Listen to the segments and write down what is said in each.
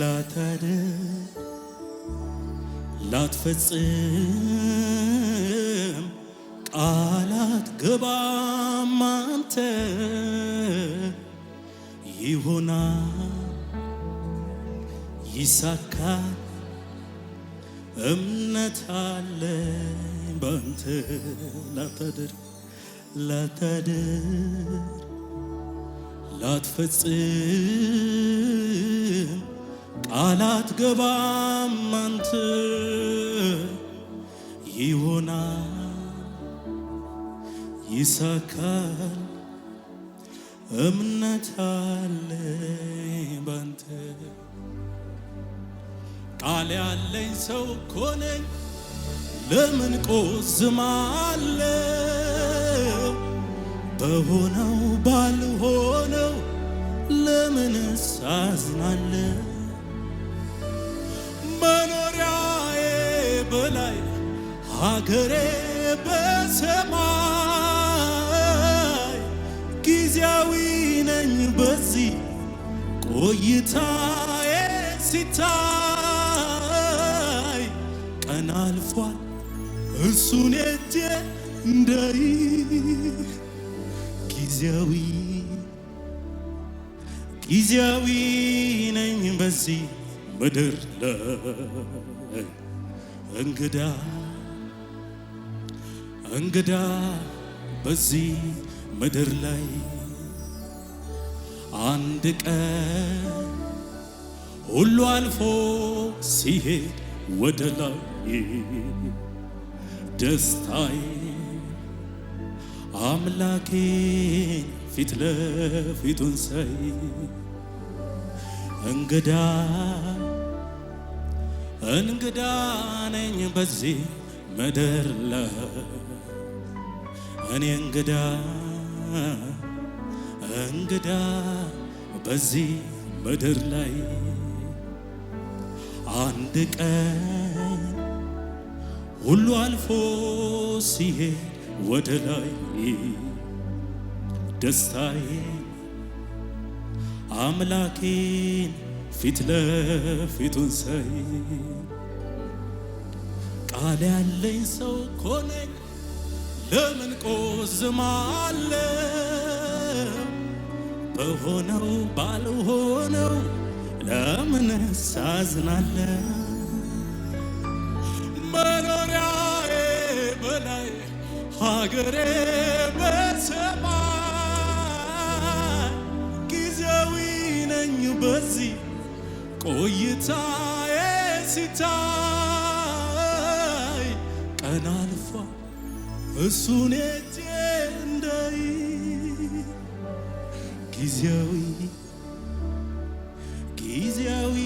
ላታደርግ ላትፈጽም ቃላት ገባም አንተ ይሆናል ይሳካል እምነት አለ ባንተ ላታደርግ ላታደርግ ላትፈጽም አላትገባም አንተ ይሆናል ይሳካል እምነት አለ ባንተ ቃል ያለኝ ሰው እኮ ነኝ ለምን ቆዝማለሁ በሆነው ባልሆነው ለምን ሳዝናለሁ ሀገሬ በሰማይ ጊዜያዊ ነኝ በዚህ ቆይታዬ ሲታይ ቀን አልፏል እሱን እጄ እንደይ ጊዜያዊ ጊዜያዊ ነኝ በዚህ ምድር ላይ እንግዳ እንግዳ በዚህ ምድር ላይ አንድ ቀን ሁሉ አልፎ ሲሄድ ወደ ላይ ደስታዬ አምላኬን ፊት ለፊቱን ሳይ እንግዳ እንግዳ ነኝ በዚህ ምድር ላይ እኔ እንግዳ እንግዳ በዚህ ምድር ላይ አንድ ቀን ሁሉ አልፎ ሲሄድ ወደ ላይ ደስታዬ አምላኬን ፊት ለፊቱን ሳይ ቃል ያለኝ ሰው ኮነኝ ለምን ቆዝማለሁ? በሆነው ባልሆነው ለምን ሳዝናለሁ? መኖሪያዬ በላይ ሀገሬ በሰማይ ጊዜያዊ ነኝ በዚህ ቆይታ እሱን እጄ እንዳይ ጊዜያዊ ጊዜያዊ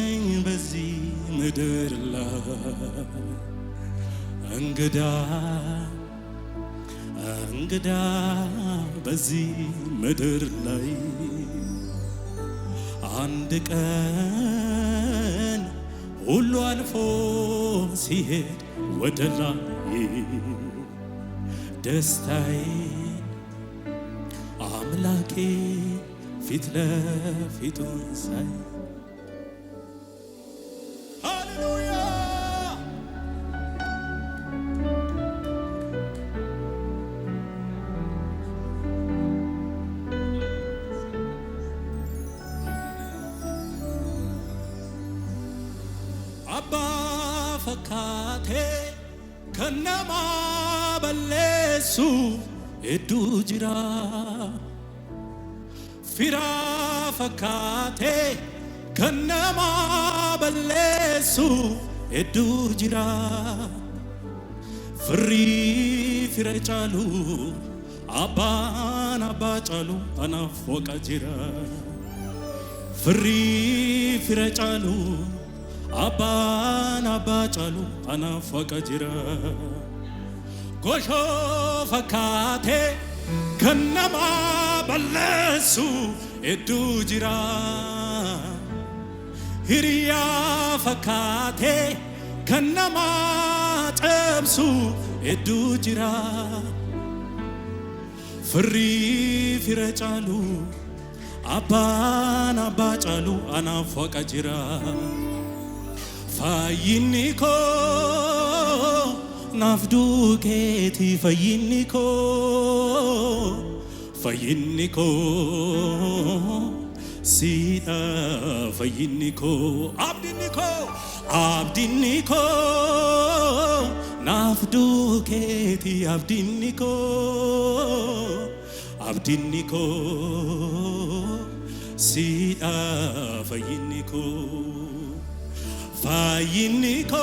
ነኝ በዚህ ምድር ላይ እንግዳ እንግዳ በዚህ ምድር ላይ አንድ ቀን ሁሉ አልፎ ሲሄድ ወደ ላይ ደስታዬን አምላኬ ፊት ለፊቱን ሳይ ሃሌሉያ አባ ፈካቴ ከነማ balleessu hedduu jira firaa fakkaatee kan namaa balleessu hedduu jira firrii fira caalu abbaan abbaa caalu anaaf foqa jira firrii fira caalu abbaan abbaa caalu anaaf foqa jira ጎሾ ፈካቴ ከነማ በለሱ ኤዱ ጅራ ሂሪያ ፈካቴ ከነማ ጠብሱ ኤዱ ጅራ ፍሪ ፊረ አባን አባ ጫሉ ጅራ ፋይኒኮ ናፍዱ ኬቲ ፈይኒኮ ፈይኒኮ ሲጣ ፈይኒኮ አብድኒኮ አብድኒኮ ናፍዱ ኬቲ አብድኒኮ አብድኒኮ ሲጣ ፈይኒኮ ፈይኒኮ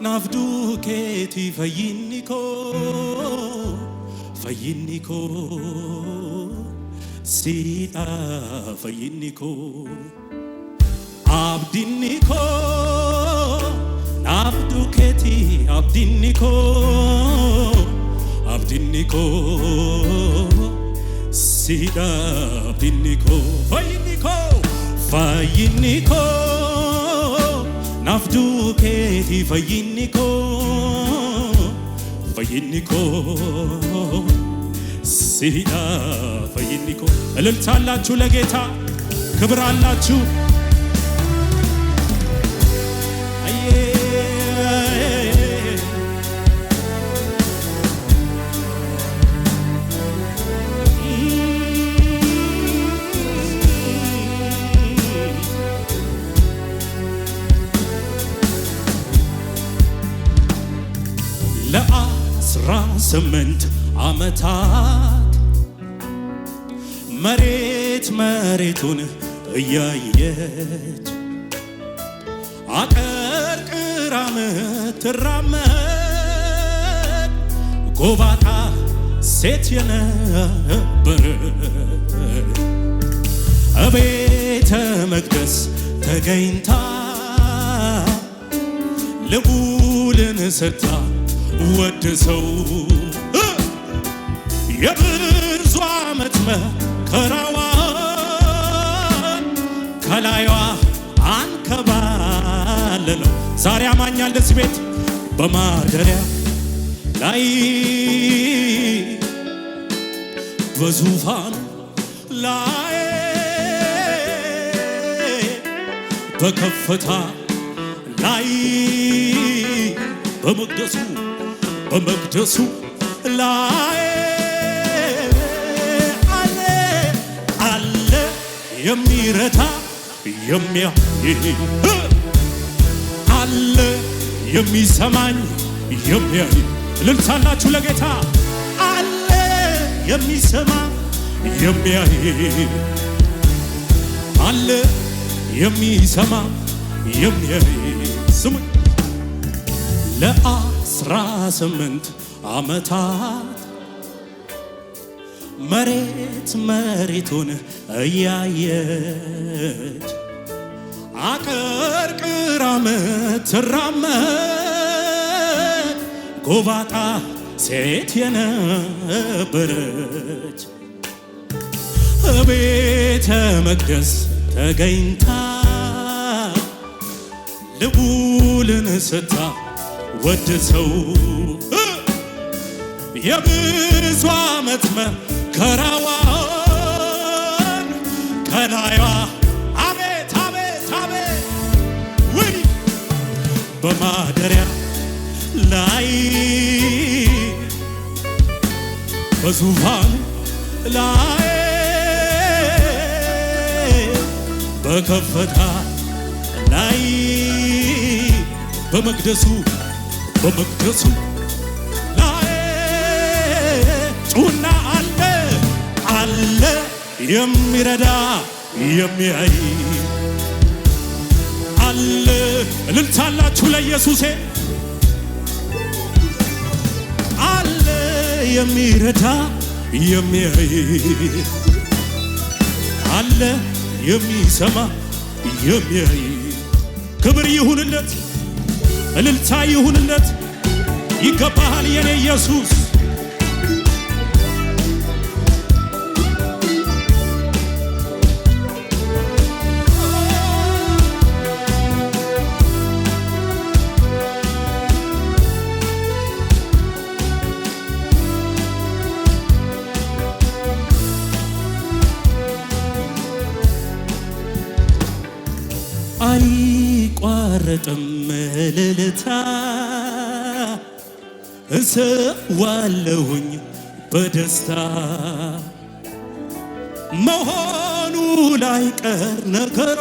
να βδού και τη σιτά φαγίνικο. Απ' την νικό, να βδού και τη απ' την απ' την σιτά απ' την νικό, Naftuu keetii fayyinni koo fayyinni koo siidha fayyinni koo እልልታ አላችሁ ለጌታ ክብር አላችሁ ስምንት ዓመታት መሬት መሬቱን እያየች አቀርቅራ ምትራመድ ጎባጣ ሴት የነበረ እቤተ መቅደስ ተገኝታ ልቡልን ስታ ወድሰው የብዙ ዓመት መከራዋን ከላይዋ አንከባለለው። ዛሬ አማኛል ደስ ቤት በማደሪያ ላይ በዙፋን ላይ በከፍታ ላይ በመቅደሱ በመቅደሱ ላይ አለ አለ የሚረታ የሚያይ አለ የሚሰማኝ የሚያይ ልልሳላችሁ ለጌታ አለ የሚሰማ የሚያይ አለ የሚሰማ የሚያይ ስሙ ለአ አስራ ስምንት ዓመታት መሬት መሬቱን እያየች አቀርቅራ ምትራመድ ጎባጣ ሴት የነበረች ቤተ መቅደስ ተገኝታ ልቡልን ስታ ወድሰው የብዙ ዓመት መከራዋን ከላይዋ አቤት አቤት አቤት ውይ በማደሪያ ላይ በዙፋኑ ላይ በከፍታ ላይ በመቅደሱ በመቅደሱ ላይ ጩና አለ አለ የሚረዳ የሚያይ አለ እልልታላችሁ ለኢየሱሴ አለ የሚረዳ የሚያይ አለ የሚሰማ የሚያይ ክብር ይሁንለት እልልታ ይሁንለት። ይገባሃል የኔ ኢየሱስ አይቋረጥም እልልታ እሰዋለሁኝ በደስታ መሆኑ ላይቀር ነገሮ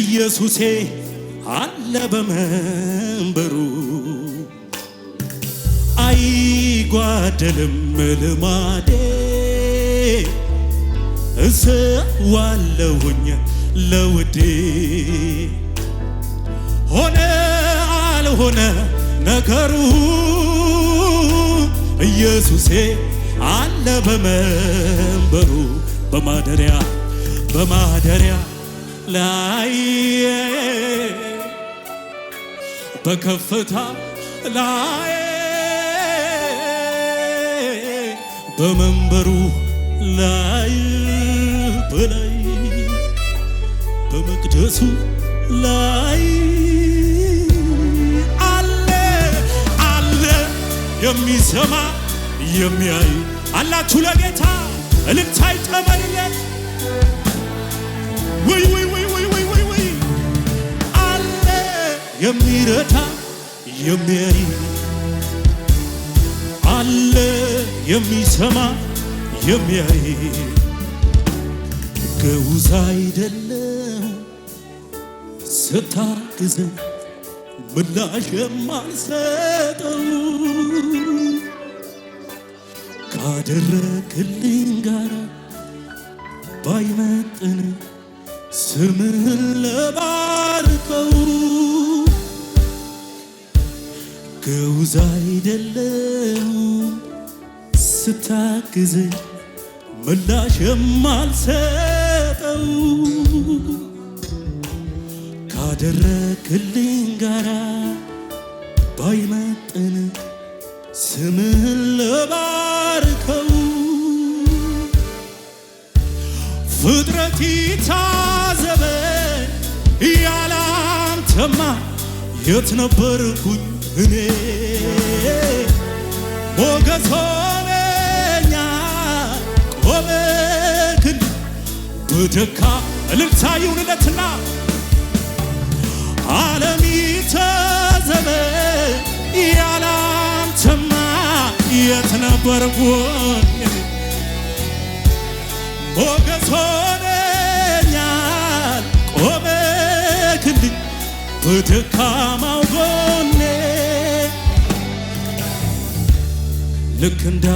ኢየሱሴ አለ በመንበሩ አይጓደልም ልማዴ እሰዋለሁኝ ለውዴ ሆነ አልሆነ ነገሩ ኢየሱሴ አለ በመንበሩ በማደሪያ በማደሪያ ላይ በከፍታ ላይ በመንበሩ ላይ በላይ በመቅደሱ ላይ የሚሰማ የሚያይ አላችሁ ለጌታ እልልታ ይጨመርለት። ውይ ውይ ውይ ውይ ውይ ውይ ውይ አለ የሚረታ የሚያይ አለ የሚሰማ የሚያይ ገውዝ አይደለም ስታግዘ ምላሽ የማልሰጠው ካደረክልኝ ጋራ ባይመጥን ስምህን ለባርከው ግውዝ አይደለሁ ስታግዝ ምላሽ የማልሰጠው ካደረክልኝ ጋራ ባይመጥን ስምህን ልባርከው ፍጥረት ይታዘበን ያላንተማ የት ነበርኩኝ እኔ ሞገስ ሆነኛ ቆመክን በደካ እልልታ ይሁንለትና ዓለም ነበርኩ ሞገስ ሆነኛል ቆመክልኝ በደካማው ጎኔ ልክ እንዳ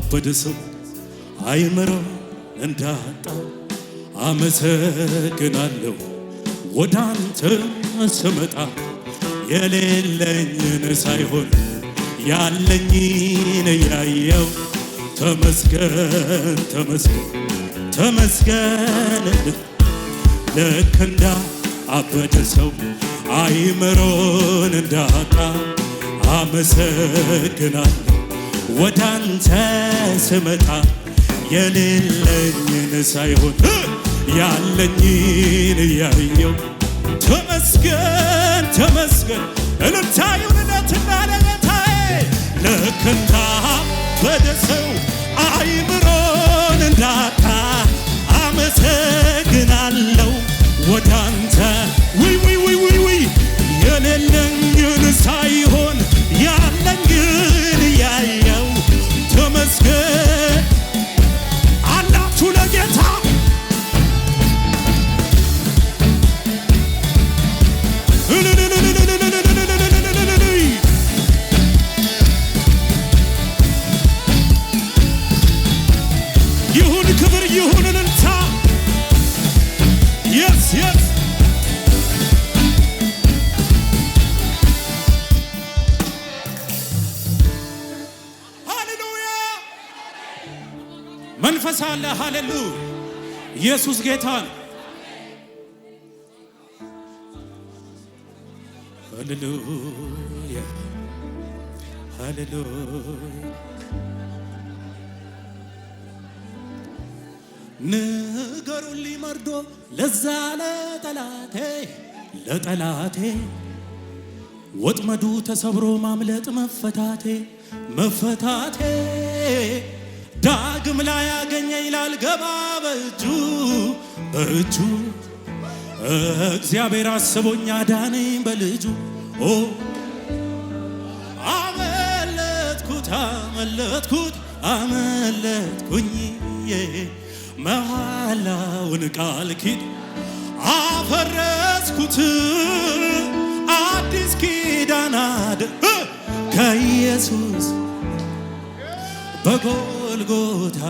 አበደ ሰው አይምሮ እንዳጣ አመሰግናለሁ ወዳንተ ስመጣ የሌለኝን ሳይሆን ያለኝን እያየው ተመስገን ተመስገን ተመስገን ልክ እንዳ አበደ ሰው አይምሮን እንዳጣ አመሰግናል ወደ አንተ ስመጣ የሌለኝን ሳይሆን ያለኝን እያየው ተመስገን ተመስገን እልልታ ይሁንለት 더큰 다. ኢየሱስ ጌታ ነው። ሃሌሉያ ሃሌሉያ። ንገሩን ሊመርዶ ለዛ ለጠላቴ ለጠላቴ ወጥመዱ ተሰብሮ ማምለጥ መፈታቴ መፈታቴ ዳግም ላይ ያገኘ ይላል ገባ በእጁ በእጁ እግዚአብሔር አስቦኛ ዳነኝ በልጁ ኦ አመለጥኩት አመለጥኩት አመለጥኩኝ መሃላውን ቃል ኪድ አፈረስኩት አዲስ ኪዳናድ ከኢየሱስ በጎልጎታ